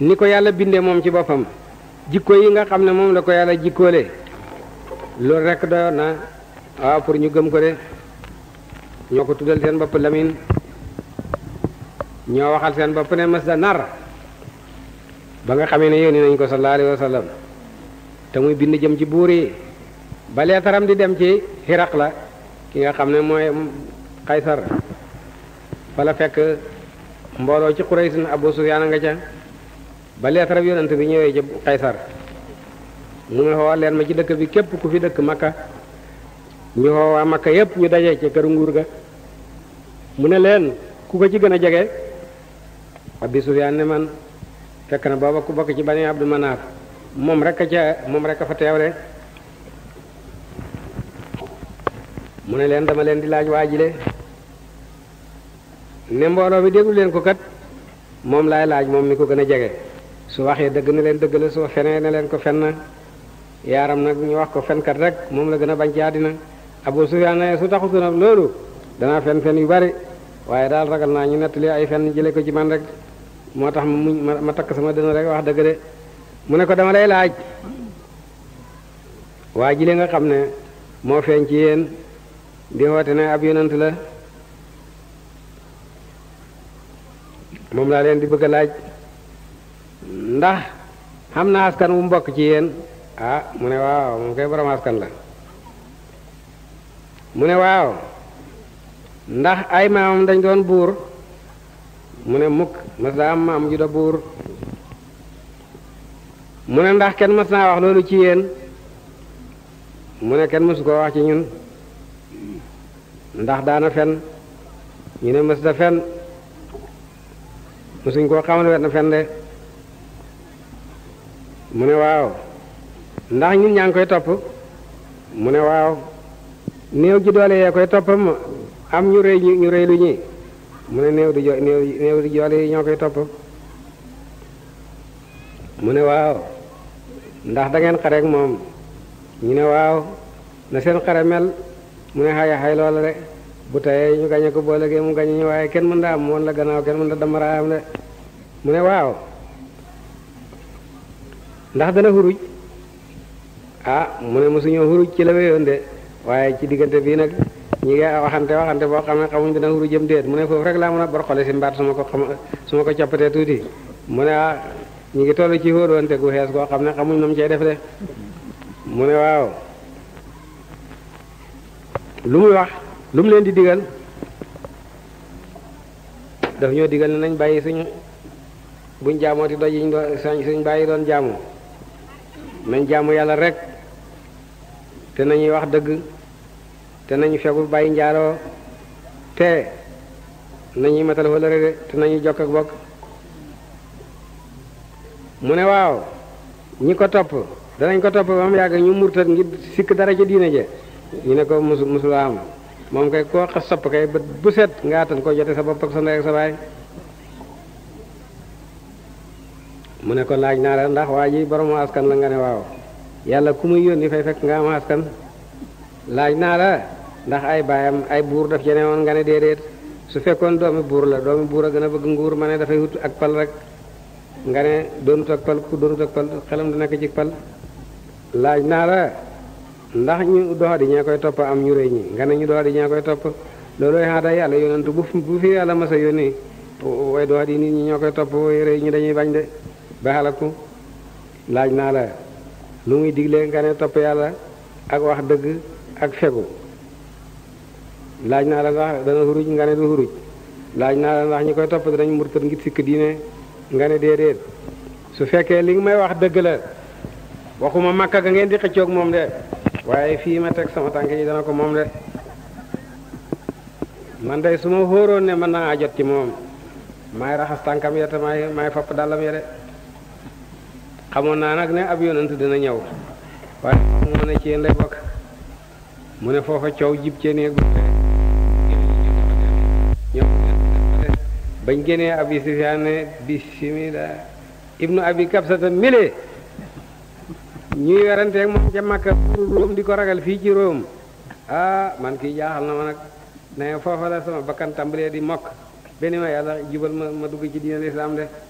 ni ko yàlla bindee moom ci boppam jikko yi nga xam ne moom la ko yàlla jikkoole loolu rek doyoon na waaw pour ñu gëm ko de ñoo ko tuddal seen bopp lamin ñoo waxal seen bopp ne mas da nar ba nga xamee ne yónni nañ ko sallallahu alayhi Wasallam, te muy bind jëm ci buur yi ba leetaram di dem ci xiraq la ki nga xam ne mooy fa la ci quraysin abu sufyaan nga ca ba rek yonent bi ñëwee ca Kaysar mu ne xoo leen ma ci dëkk bi képp ku fi dëkk Makka ñu xoo waa Makka yépp ñu daje ci këru nguur ga mu ne leen ku ko ci gën a jege Abi Sufyaan ne man fekk na booba ku bokk ci Bani Abdu Manaaf moom rek a ca moom rek a fa teew de mu ne leen dama leen di laaj waa waajile ne mbooloo bi déglu leen ko kat moom laay laaj moom mi ko gën a jege su waxee dëgg na leen dëgg la su fenee na leen ko fen na yaaram nag ñu wax ko fenkat rek moom la gën a bañ ci àddina Abu su taxutu nag loolu danaa fen yu bari waaye daal ragal naa ñu nettali ay fen jële ko ci man rek moo tax ma ma takk sama dënn rek wax dëgg mu ne ko dama lay laaj waa ji nga xam ne moo feeñ ci yéen di woote ab yonant la moom laa leen di bëgg a laaj ndax xam na askan wu mbokk ci yéen ah mu ne waaw moom koy borom askan la mu ne waaw ndax ay maamam dañ doon buur mu ne mukk mas daa am maam ju da buur mu ne ndax kenn mës naa wax loolu ci yéen mu ne kenn mësu koo wax ci ñun ndax daana fen ñu ne mës da fen mësuñ koo xamal wet na fen de mu ne waaw ndax ñun ñaa ngi koy topp mu ne waaw néew ji doole yee koy toppam am ñu rëy ñu rëy lu ñi mu ne néew di jo néew di joole yi ñoo koy topp mu ne waaw ndax dangeen ngeen moom ñu ne waaw na seen xare mel mu ne xaya xay loola de bu tayee ñu gañe ko boole légee mu gañe ñu waaye kenn mën da am la gannaaw kenn mën da damaraayam de mu ne waaw ndax dana xuruj ah mu ne mosuñoo xuruj ci la wéyoon de waaye ci diggante bii nag ñi nga waxante waxante boo xam ne xamuñ dana xuru jëm déet mu ne rek laa a borxole si mbaat su ma ko xam su ma ko coppatee tuuti mu ne ah ngi toll ci xóolwante gu xees xam ne xamuñ nam cey def de ne waaw lu muy wax lu mu leen di digal daf ñoo digal ne nañ bàyyi suñu buñ jaamooti doj yiñ doon suñ bàyyi doon jaamoo nañ jaamu yàlla rek te nañuy wax dëgg te nañu fegu bàyyi njaaloo te nañuy matal wëlëre de te nañuy jokk ak bokk mu ne waaw ñi ko topp danañ ko topp ba mu yàgg ñu murtat ngir sikk dara ci diine je ñu ne ko musu musula am moom kay koo xas sopp kay bët bu set nga attan ko jote sa bopp ak sa ndey ak sa baay mu ne ko laaj naa la ndax waa ji borom askan la nga ne waaw yàlla ku muy yónni fay fekk nga am askan laaj naa la ndax ay baayam ay buur daf jene woon nga ne déedéet su fekkoon doomi buur la doomi buur a gën a bëgg nguur ma ne dafay hut ak pal rek nga ne doonut ak pal ku doon ak pal xelam dina ko ci pal laaj naa la ndax ñu doxadi ñee koy topp am ñu rëy ñi nga ne ñu doxadi ñee koy topp looloy xaata yàlla yonantu bu bu fi yàlla mas a yónni way doxadi nit ñi ñoo koy topp way ñi dañuy bañ de ba xalaku laaj naa la lu muy digle nga topp yàlla ak wax dëgg ak fegu laaj naa la ndax dana xuruj nga du xuruj laaj naa la ndax ñu koy topp danañ murtat ngir sikk diine nga ne déedéet su fekkee li nga may wax dëgg la waxuma makka ga ngeen di xëccoog moom de waaye fii ma teg sama tànk yi dana ko moom de man day su ma xóoroon ne mën naa jot ci moom maay raxas tànkam ya te maay maay fopp dàllam ya de xamoon naa nag ne ab yonent dina ñëw waaye ne mu ne foofa coow jib cee néeg ba ñëw bañ génnee abi sufyaan ne bismillah ibnu abi kabsata mile ñuy weranteeg moom ca makka róom di ko ragal fii ci róom ah man kii jaaxal na ma nag ne foofa la sama bakkan tàmbalee di mokk benn ma yàlla jibal ma ma dugg ci diinal islam de